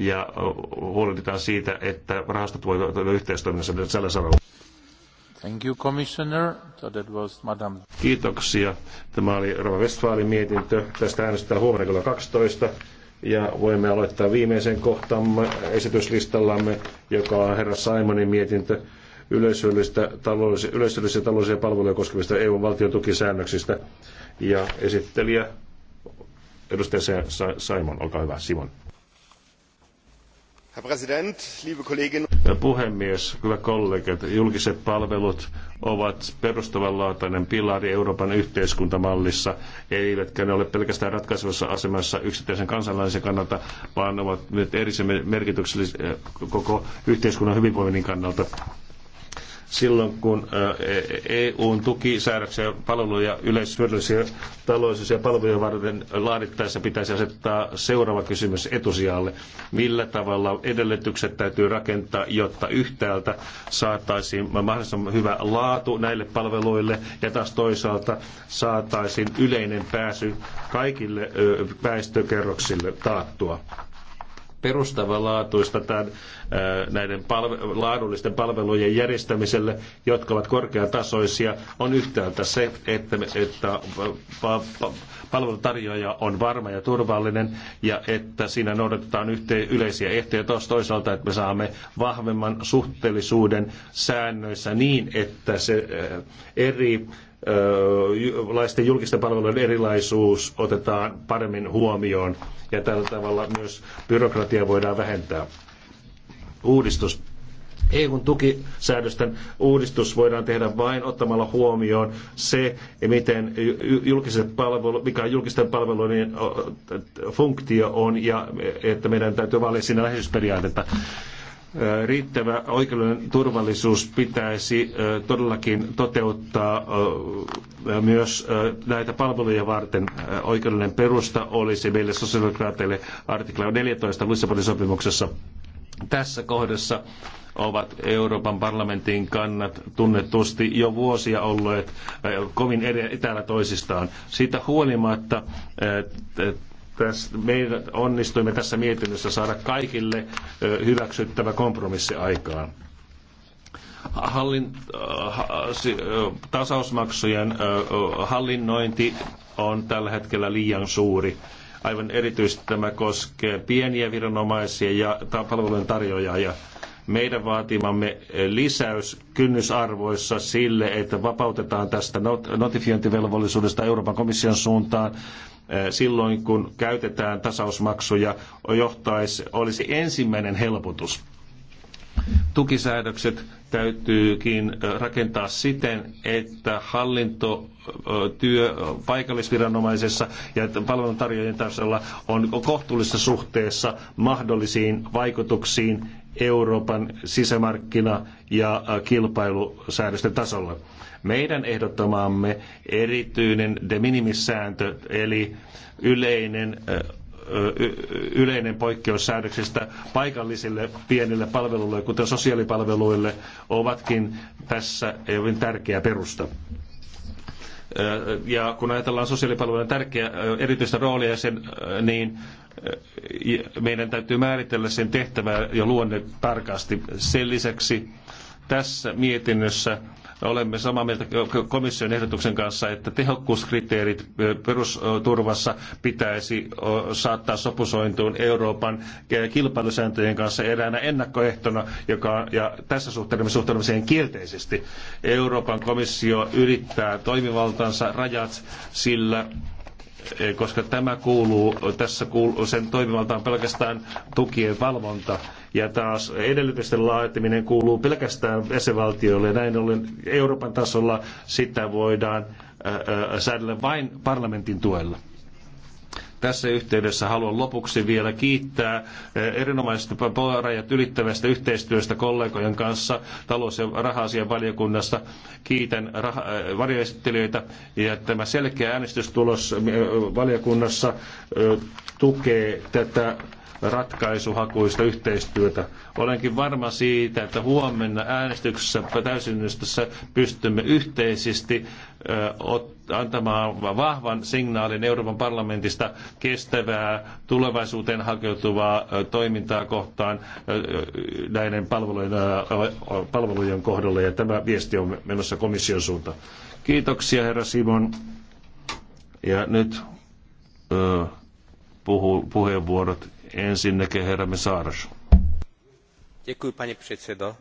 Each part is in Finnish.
ja huolehditaan siitä, että rahastot voivat toimia yhteistoiminnassa tällä saralla. Thank you, Commissioner. that was Madame. Kiitoksia. Tämä oli Rova Westfalin mietintö. Tästä äänestetään huomenna kello 12. Ja voimme aloittaa viimeisen kohtamme esityslistallamme, joka on herra Simonin mietintö yleisöllistä talous, yleisöllisiä taloudellisia palveluja koskevista EUn valtiotukisäännöksistä. Ja esittelijä edustaja Simon, olkaa hyvä, Simon puhemies, hyvät kollegat, julkiset palvelut ovat perustavanlaatainen pilari Euroopan yhteiskuntamallissa, eivätkä ne ole pelkästään ratkaisevassa asemassa yksittäisen kansalaisen kannalta, vaan ovat nyt erityisen merkityksellisiä koko yhteiskunnan hyvinvoinnin kannalta silloin, kun EUn e tukisäädöksiä palveluja yleishyödyllisiä taloudellisia palveluja varten laadittaessa pitäisi asettaa seuraava kysymys etusijalle. Millä tavalla edellytykset täytyy rakentaa, jotta yhtäältä saataisiin mahdollisimman hyvä laatu näille palveluille ja taas toisaalta saataisiin yleinen pääsy kaikille väestökerroksille taattua perustavanlaatuista tämän, näiden palve- laadullisten palvelujen järjestämiselle, jotka ovat korkeatasoisia, on yhtäältä se, että, me, että pa- pa- palvelutarjoaja on varma ja turvallinen ja että siinä noudatetaan yhteen yleisiä ehtoja. Taas toisaalta, että me saamme vahvemman suhteellisuuden säännöissä niin, että se eri laisten julkisten palvelujen erilaisuus otetaan paremmin huomioon ja tällä tavalla myös byrokratiaa voidaan vähentää. Uudistus. EUn tukisäädösten uudistus voidaan tehdä vain ottamalla huomioon se, miten julkiset palvelu, mikä julkisten palveluiden funktio on ja e, että meidän täytyy vaalia siinä läheisyysperiaatetta riittävä oikeudellinen turvallisuus pitäisi todellakin toteuttaa myös näitä palveluja varten. Oikeudellinen perusta olisi meille sosiaalidemokraateille artikla 14 Lissabonin sopimuksessa. Tässä kohdassa ovat Euroopan parlamentin kannat tunnetusti jo vuosia olleet kovin etäällä toisistaan. Siitä huolimatta tässä, meidän onnistuimme tässä mietinnössä saada kaikille hyväksyttävä kompromissi aikaan. Äh, tasausmaksujen hallinnointi on tällä hetkellä liian suuri. Aivan erityisesti tämä koskee pieniä viranomaisia ja palvelujen tarjoajia meidän vaatimamme eh, lisäys kynnysarvoissa sille, että vapautetaan tästä notifiointivelvollisuudesta Euroopan komission suuntaan eh, silloin, kun käytetään tasausmaksuja, johtaisi, olisi ensimmäinen helpotus tukisäädökset täytyykin eh, rakentaa siten, että hallintotyö paikallisviranomaisessa ja palveluntarjoajien tasolla on kohtuullisessa suhteessa mahdollisiin vaikutuksiin Euroopan sisämarkkina- ja kilpailusäädösten tasolla. Meidän ehdottamaamme erityinen de minimis-sääntö, eli yleinen yleinen poikkeus säädöksistä paikallisille pienille palveluille, kuten sosiaalipalveluille, ovatkin tässä hyvin tärkeä perusta. Ja kun ajatellaan sosiaalipalvelujen tärkeä erityistä roolia, sen, niin meidän täytyy määritellä sen tehtävää ja luonne tarkasti. Sen lisäksi tässä mietinnössä Olemme samaa mieltä komission ehdotuksen kanssa, että tehokkuuskriteerit perusturvassa pitäisi saattaa sopusointuun Euroopan kilpailusääntöjen kanssa eräänä ennakkoehtona, joka, ja tässä suhtaudumme siihen kielteisesti. Euroopan komissio yrittää toimivaltansa rajat sillä koska tämä kuuluu, tässä kuuluu, sen toimivaltaan pelkästään tukien valvonta, ja taas edellytysten laatiminen kuuluu pelkästään jäsenvaltioille, ja näin ollen Euroopan tasolla sitä voidaan säädellä vain parlamentin tuella. Tässä yhteydessä haluan lopuksi vielä kiittää eh, erinomaisesta rajat ylittävästä yhteistyöstä kollegojen kanssa talous- ja raha valiokunnasta. Eh, Kiitän varjoesittelijöitä ja tämä selkeä äänestystulos eh, valiokunnassa tukee tätä ratkaisuhakuista yhteistyötä. Olenkin varma siitä, että huomenna äänestyksessä täysinnystössä pystymme yhteisesti antamaan vahvan signaalin Euroopan parlamentista kestävää tulevaisuuteen hakeutuvaa toimintaa kohtaan näiden palvelujen, palvelujen kohdalla. Ja tämä viesti on menossa komission suuntaan. Kiitoksia herra Simon. Ja nyt puhu, puheenvuorot. Ensinnäkin herra Mesaaros. Děkuji, pani předsedo.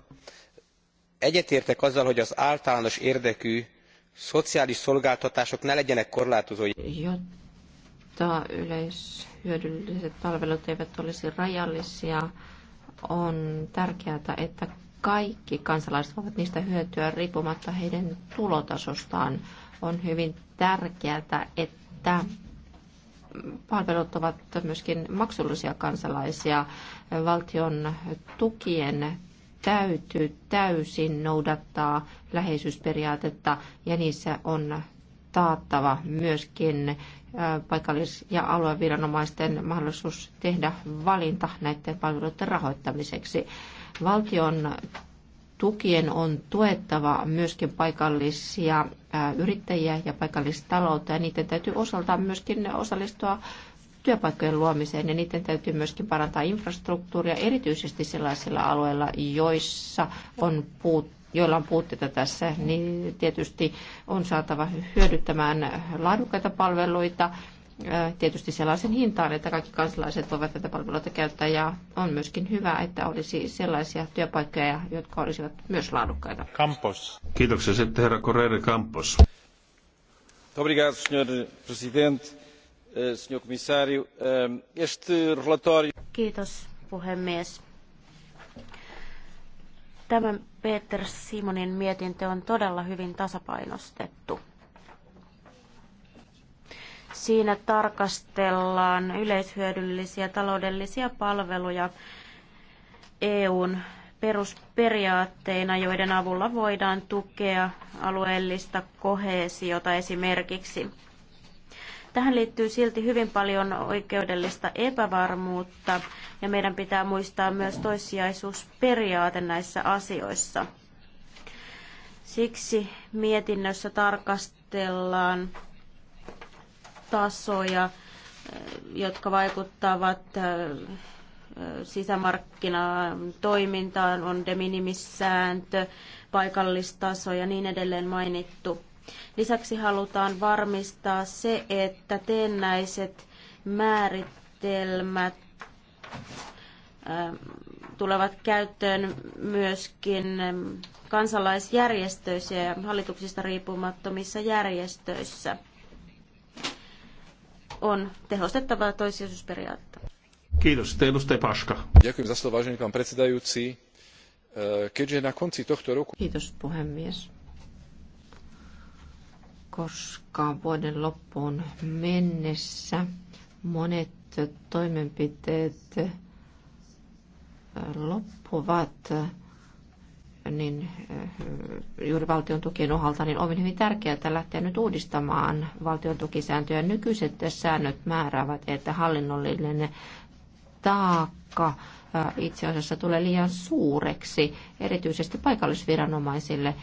Egyetértek azzal, hogy az általános érdekű szociális szolgáltatások ne legyenek korlátozói. Jotta yleishyödylliset palvelut eivät olisi rajallisia, on tärkeää, että kaikki kansalaiset voivat niistä hyötyä riippumatta heidän tulotasostaan. On hyvin tärkeää, että palvelut ovat myöskin maksullisia kansalaisia. Valtion tukien täytyy täysin noudattaa läheisyysperiaatetta ja niissä on taattava myöskin paikallis- ja alueviranomaisten mahdollisuus tehdä valinta näiden palveluiden rahoittamiseksi. Valtion tukien on tuettava myöskin paikallisia yrittäjiä ja taloutta, ja niiden täytyy osaltaan myöskin osallistua työpaikkojen luomiseen ja niiden täytyy myöskin parantaa infrastruktuuria erityisesti sellaisilla alueilla, joissa on puut, joilla on puutteita tässä, niin tietysti on saatava hyödyttämään laadukkaita palveluita tietysti sellaisen hintaan, että kaikki kansalaiset voivat tätä palveluita käyttää ja on myöskin hyvä, että olisi sellaisia työpaikkoja, jotka olisivat myös laadukkaita. Campos. Kiitoksia sitten herra Correa Campos. Obrigado, senhor presidente, eh, senhor comissário. Eh, este relatório... Kiitos, puhemies. Tämä Peter Simonin mietintö on todella hyvin tasapainostettu. Siinä tarkastellaan yleishyödyllisiä taloudellisia palveluja EUn perusperiaatteina, joiden avulla voidaan tukea alueellista kohesiota esimerkiksi. Tähän liittyy silti hyvin paljon oikeudellista epävarmuutta ja meidän pitää muistaa myös toissijaisuusperiaate näissä asioissa. Siksi mietinnössä tarkastellaan tasoja, eh, jotka vaikuttavat eh, sisämarkkinaan toimintaan, on de minimissääntö, paikallistaso ja niin edelleen mainittu. Lisäksi halutaan varmistaa se, että teennäiset määritelmät eh, tulevat käyttöön myöskin kansalaisjärjestöissä ja hallituksista riippumattomissa järjestöissä on tehostettava toissijaisuusperiaatetta. Kiitos. Edustaja Paska. Ďakujem za slovo, vážený pán predsedajúci. Eh, keďže na konci tohto roku... Kiitos puhemies. Koska vuoden loppuun mennessä monet toimenpiteet eh, loppuvat, niin eh, juuri valtion tukien ohalta, niin on hyvin tärkeää, että lähtee nyt uudistamaan valtion tukisääntöjä. Nykyiset säännöt määräävät, että hallinnollinen taakka eh, itse asiassa tulee liian suureksi, erityisesti paikallisviranomaisille.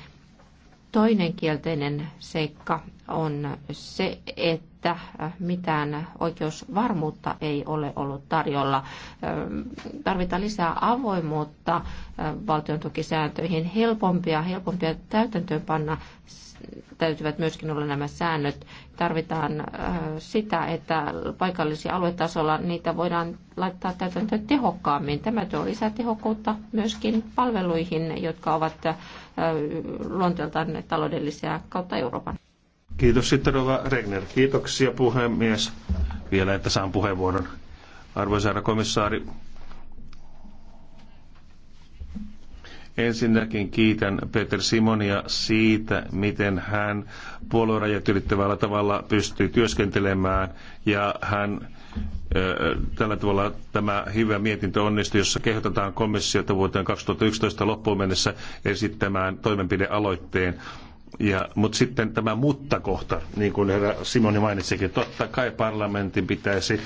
Toinen kielteinen seikka on se, että että mitään oikeusvarmuutta ei ole ollut tarjolla. Tarvitaan lisää avoimuutta valtion tukisääntöihin, helpompia, helpompia täytäntöönpanna täytyvät myöskin olla nämä säännöt. Tarvitaan sitä, että paikallisia aluetasolla niitä voidaan laittaa täytäntöön tehokkaammin. Tämä tuo lisää tehokkuutta myöskin palveluihin, jotka ovat luonteeltaan taloudellisia kautta Euroopan. Kiitos sitten Rova Regner. Kiitoksia puhemies. Vielä, että saan puheenvuoron. Arvoisa herra komissaari, Ensinnäkin kiitän Peter Simonia siitä, miten hän puoluerajat ylittävällä tavalla pystyy työskentelemään ja hän tällä tavalla tämä hyvä mietintö onnistui, jossa kehotetaan komissiota vuoteen 2011 loppuun mennessä esittämään toimenpidealoitteen ja, mutta sitten tämä mutta-kohta, niin kuin herra Simoni mainitsikin, totta kai parlamentin pitäisi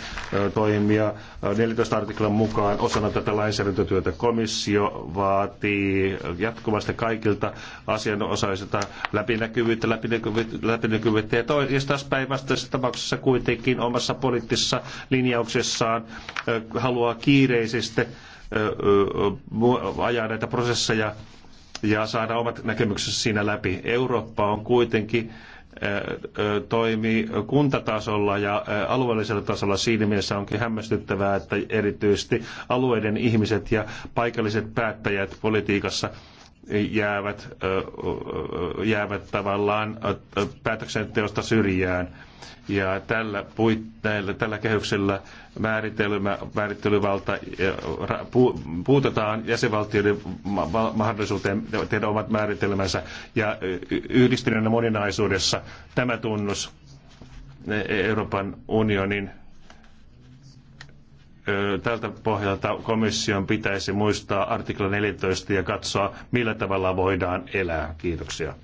toimia 14 artiklan mukaan osana tätä lainsäädäntötyötä. Komissio vaatii jatkuvasti kaikilta asianosaisilta läpinäkyvyyttä, läpinäkyvyyttä, läpinäkyvyyttä ja, toi, ja taas päinvastaisessa tapauksessa kuitenkin omassa poliittisessa linjauksessaan haluaa kiireisesti ajaa näitä prosesseja ja saada omat näkemyksensä siinä läpi. Eurooppa on kuitenkin toimii kuntatasolla ja alueellisella tasolla. Siinä mielessä onkin hämmästyttävää, että erityisesti alueiden ihmiset ja paikalliset päättäjät politiikassa jäävät, jäävät tavallaan päätöksenteosta syrjään. Ja tällä, puitteilla, tällä kehyksellä määritelmä, määrittelyvalta pu, puutetaan jäsenvaltioiden mahdollisuuteen tehdä omat määritelmänsä ja yhdistyneenä moninaisuudessa tämä tunnus Euroopan unionin tältä pohjalta komission pitäisi muistaa artikla 14 ja katsoa, millä tavalla voidaan elää. Kiitoksia.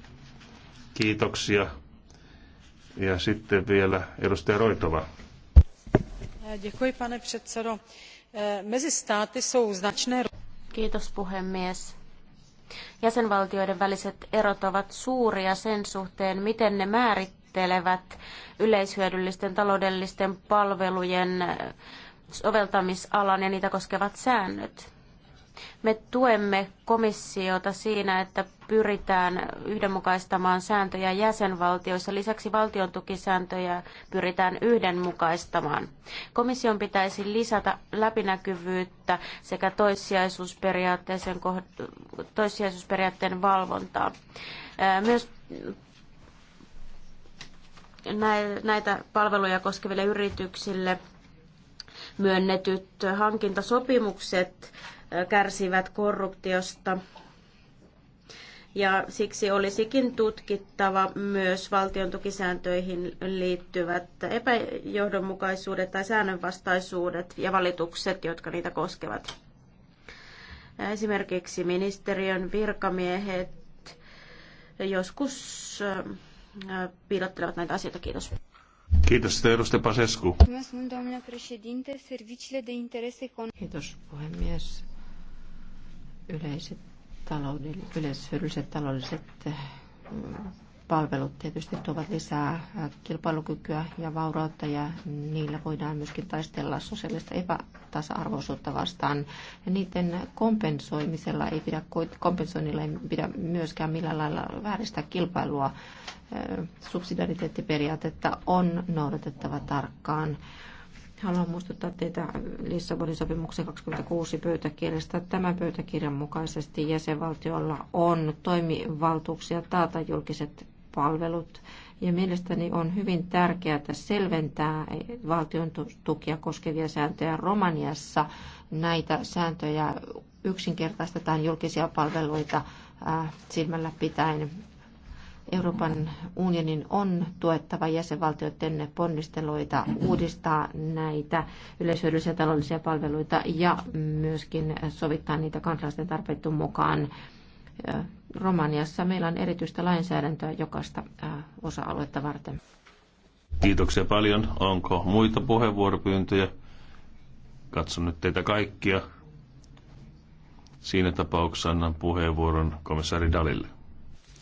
Kiitoksia. Ja sitten vielä edustaja Roitova. Děkuji, pane předsedo. E, mezi státy jsou značné... Kiitos, puhemies. Jäsenvaltioiden väliset erot ovat suuria sen suhteen, miten ne määrittelevät yleishyödyllisten taloudellisten palvelujen äh, soveltamisalan ja niitä koskevat säännöt. Me tuemme komissiota siinä, että pyritään yhdenmukaistamaan sääntöjä jäsenvaltioissa. Lisäksi valtion tukisääntöjä pyritään yhdenmukaistamaan. Komission pitäisi lisätä läpinäkyvyyttä sekä toissijaisuusperiaatteen, toissijaisuusperiaatteen valvontaa. Myös näitä palveluja koskeville yrityksille myönnetyt hankintasopimukset kärsivät korruptiosta. Ja siksi olisikin tutkittava myös valtion tukisääntöihin liittyvät epäjohdonmukaisuudet tai säännönvastaisuudet ja valitukset, jotka niitä koskevat. Esimerkiksi ministeriön virkamiehet joskus piilottelevat näitä asioita. Kiitos. Kiitos, edustaja Pasescu. Kiitos, puhemies. Yleiset taloudelliset, yleishyödylliset taloudelliset mm, palvelut tietysti tuovat lisää äh, kilpailukykyä ja vaurautta ja niillä voidaan myöskin taistella sosiaalista epätasa-arvoisuutta vastaan. Ja niiden kompensoimisella ei pidä, kompensoinnilla ei pidä myöskään millään lailla vääristää kilpailua. Äh, subsidiariteettiperiaatetta on noudatettava tarkkaan. Haluan muistuttaa teitä Lissabonin sopimuksen 26 pöytäkirjasta. Tämän pöytäkirjan mukaisesti jäsenvaltiolla on toimivaltuuksia taata julkiset palvelut. Ja mielestäni on hyvin tärkeää selventää valtion tukia koskevia sääntöjä Romaniassa. Näitä sääntöjä yksinkertaistetaan julkisia palveluita äh, silmällä pitäen. Euroopan unionin on tuettava jäsenvaltioiden ponnisteluita uudistaa näitä yleishyödyllisiä taloudellisia palveluita ja myöskin sovittaa niitä kansalaisten tarpeiden mukaan Romaniassa meillä on erityistä lainsäädäntöä jokaista osa-aluetta varten. Kiitoksia paljon. Onko muita puheenvuoropyyntöjä? Katson nyt teitä kaikkia. Siinä tapauksessa annan puheenvuoron komissaari Dalille.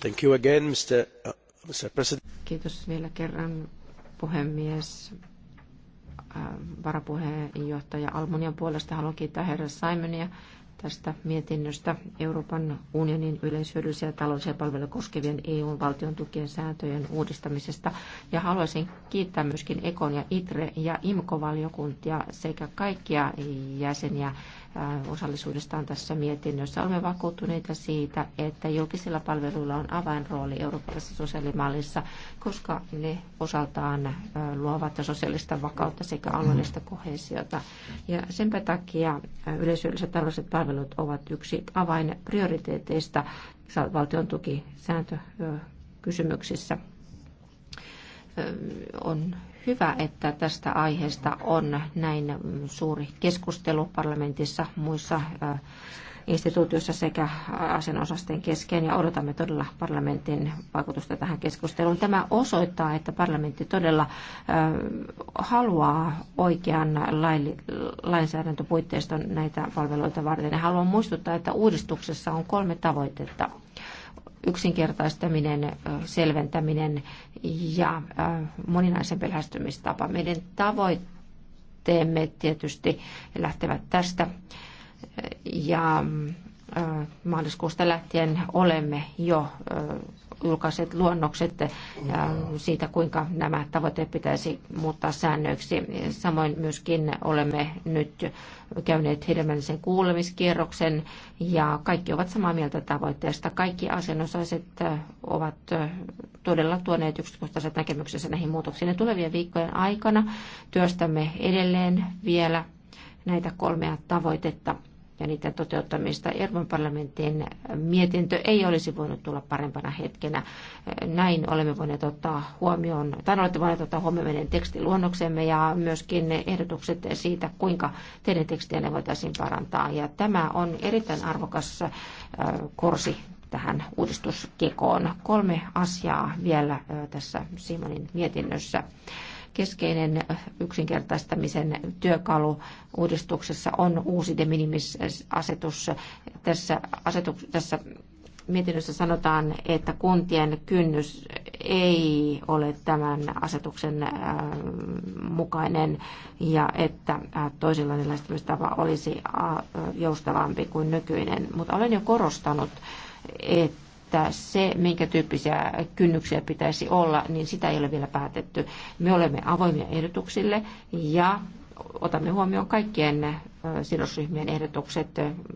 Thank you again, Mr. Uh, Mr. President. Kiitos vielä kerran, puhemies varapuheenjohtaja Almunian puolesta haluan kiittää herra Simonia tästä mietinnöstä Euroopan unionin yleishyödyllisiä taloudellisia palveluja koskevien EUn valtion tukien sääntöjen uudistamisesta. Ja haluaisin kiittää myöskin Ekon ja ITRE ja IMKO-valiokuntia sekä kaikkia jäseniä Äh, osallisuudestaan tässä mietinnössä. Olemme vakuuttuneita siitä, että julkisilla palveluilla on avainrooli eurooppalaisessa sosiaalimallissa, koska ne osaltaan äh, luovat sosiaalista vakautta sekä alueellista kohesiota. Ja sen takia äh, yleisölliset taloudelliset palvelut ovat yksi avain prioriteeteista valtion tukisääntökysymyksissä. On hyvä, että tästä aiheesta on näin suuri keskustelu parlamentissa muissa äh, instituutioissa sekä asianosasten kesken ja odotamme todella parlamentin vaikutusta tähän keskusteluun. Tämä osoittaa, että parlamentti todella äh, haluaa oikean lainsäädäntöpuitteiston näitä palveluita varten. Haluan muistuttaa, että uudistuksessa on kolme tavoitetta yksinkertaistaminen, selventäminen ja moninaisempi lähestymistapa. Meidän tavoitteemme tietysti lähtevät tästä ja mm, maaliskuusta lähtien olemme jo julkaiset luonnokset siitä, kuinka nämä tavoitteet pitäisi muuttaa säännöiksi. Samoin myöskin olemme nyt käyneet hedelmällisen kuulemiskierroksen ja kaikki ovat samaa mieltä tavoitteesta. Kaikki asianosaiset ovat todella tuoneet yksityiskohtaiset näkemyksensä näihin muutoksiin. Ja tulevien viikkojen aikana työstämme edelleen vielä näitä kolmea tavoitetta ja niiden toteuttamista. Euroopan parlamentin mietintö ei olisi voinut tulla parempana hetkenä. Näin olemme voineet ottaa huomioon, tai olette voineet ottaa huomioon meidän tekstiluonnoksemme ja myöskin ehdotukset siitä, kuinka teidän ne voitaisiin parantaa. Ja tämä on erittäin arvokas äh, korsi tähän uudistuskekoon. Kolme asiaa vielä äh, tässä Simonin mietinnössä keskeinen yksinkertaistamisen työkalu uudistuksessa on uusi de minimis-asetus. Tässä, asetuk- tässä mietinnössä sanotaan, että kuntien kynnys ei ole tämän asetuksen äh, mukainen ja että äh, toisella lähestymistapa olisi äh, joustavampi kuin nykyinen. Mutta olen jo korostanut, että että se, minkä tyyppisiä kynnyksiä pitäisi olla, niin sitä ei ole vielä päätetty. Me olemme avoimia ehdotuksille ja otamme huomioon kaikkien sidosryhmien ehdotukset,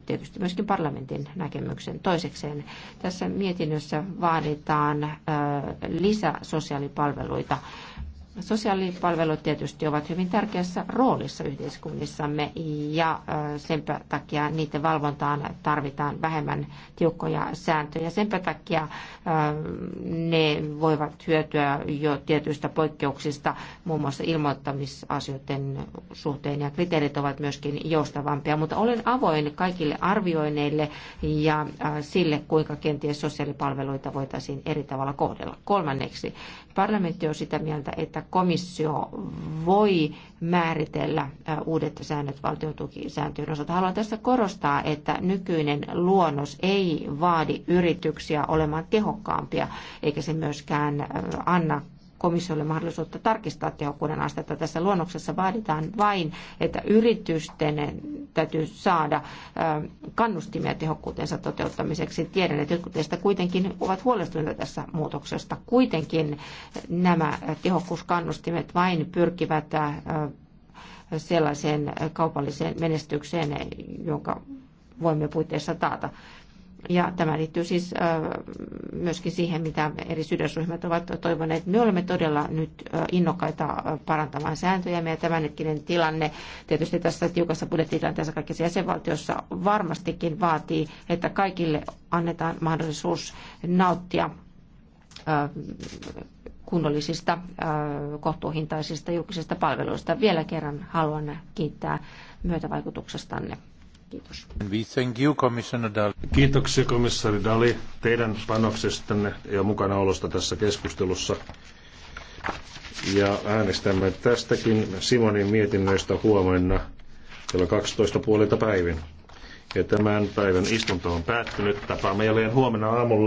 tietysti myöskin parlamentin näkemyksen. Toisekseen tässä mietinnössä vaaditaan lisäsosiaalipalveluita. sosiaalipalveluita Sosiaalipalvelut tietysti ovat hyvin tärkeässä roolissa yhteiskunnissamme ja sen takia niiden valvontaan tarvitaan vähemmän tiukkoja sääntöjä. Sen takia ne voivat hyötyä jo tietyistä poikkeuksista, muun muassa ilmoittamisasioiden suhteen ja kriteerit ovat myöskin joustavampia. Mutta olen avoin kaikille arvioineille ja sille, kuinka kenties sosiaalipalveluita voitaisiin eri tavalla kohdella. Kolmanneksi, parlamentti on sitä mieltä, että komissio voi määritellä uudet säännöt valtiotukisääntöjen osalta. Haluan tässä korostaa, että nykyinen luonnos ei vaadi yrityksiä olemaan tehokkaampia, eikä se myöskään anna komissiolle mahdollisuutta tarkistaa tehokkuuden astetta. Tässä luonnoksessa vaaditaan vain, että yritysten täytyy saada kannustimia tehokkuutensa toteuttamiseksi. Tiedän, että jotkut teistä kuitenkin ovat huolestuneita tässä muutoksesta. Kuitenkin nämä tehokkuuskannustimet vain pyrkivät sellaiseen kaupalliseen menestykseen, jonka voimme puitteissa taata. Ja tämä liittyy siis äh, myöskin siihen, mitä eri sydänryhmät ovat toivoneet. Me olemme todella nyt äh, innokkaita äh, parantamaan sääntöjä. Meidän tämänhetkinen tilanne tietysti tässä tiukassa budjettitilanteessa kaikissa jäsenvaltiossa varmastikin vaatii, että kaikille annetaan mahdollisuus nauttia kunnollisista, kohtuuhintaisista julkisista palveluista. Vielä kerran haluan kiittää myötävaikutuksestanne. Kiitos. We thank you, Commissioner Kiitoksia komissaari Dali teidän panoksestanne ja mukanaolosta tässä keskustelussa. Ja äänestämme tästäkin Simonin mietinnöistä huomenna kello 12 puolilta päivin. Ja tämän päivän istunto on päättynyt. Tapaamme jälleen huomenna aamulla.